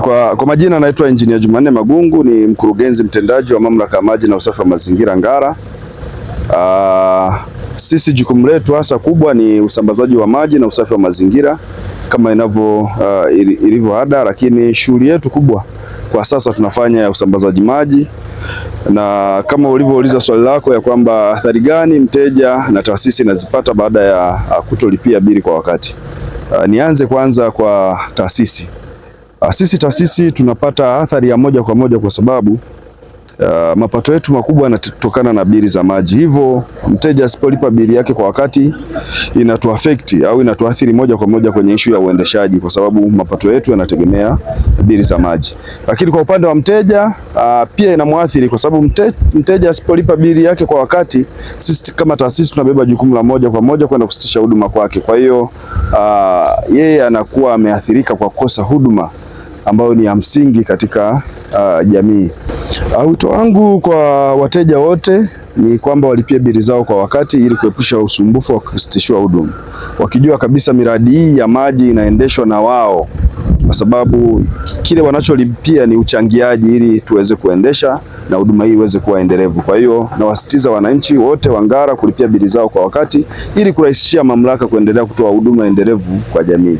Kwa, kwa majina naitwa Engineer Jumanne Magungu ni mkurugenzi mtendaji wa Mamlaka ya Maji na Usafi wa Mazingira Ngara. Aa, ah, sisi jukumu letu hasa kubwa ni usambazaji wa maji na usafi wa mazingira kama inavyo uh, ilivyo ada, lakini shughuli yetu kubwa kwa sasa tunafanya usambazaji maji, na kama ulivyouliza swali lako ya kwamba athari gani mteja na taasisi inazipata baada ya ah, kutolipia bili kwa wakati. Uh, nianze kwanza kwa taasisi Ah, sisi taasisi tunapata athari ya moja kwa moja kwa sababu uh, mapato yetu makubwa yanatokana na bili za maji. Hivyo mteja asipolipa bili yake kwa wakati inatuaffect au inatuathiri moja kwa moja kwenye ishu ya uendeshaji, kwa sababu mapato yetu yanategemea bili za maji. Lakini kwa upande wa mteja uh, pia inamwathiri kwa sababu mte, mteja asipolipa bili yake kwa wakati, sisi kama taasisi tunabeba jukumu la moja kwa moja kwenda kusitisha huduma kwake. Kwa hiyo uh, yeye anakuwa ameathirika kwa kukosa huduma ambayo ni ya msingi katika uh, jamii. Wito uh, wangu kwa wateja wote ni kwamba walipie bili zao kwa wakati ili kuepusha usumbufu wa kusitishiwa huduma, wakijua kabisa miradi hii ya maji inaendeshwa na wao, kwa sababu kile wanacholipia ni uchangiaji ili tuweze kuendesha na huduma hii iweze kuwa endelevu. Kwa hiyo nawasitiza wananchi wote wa Ngara kulipia bili zao kwa wakati ili kurahisishia mamlaka kuendelea kutoa huduma endelevu kwa jamii.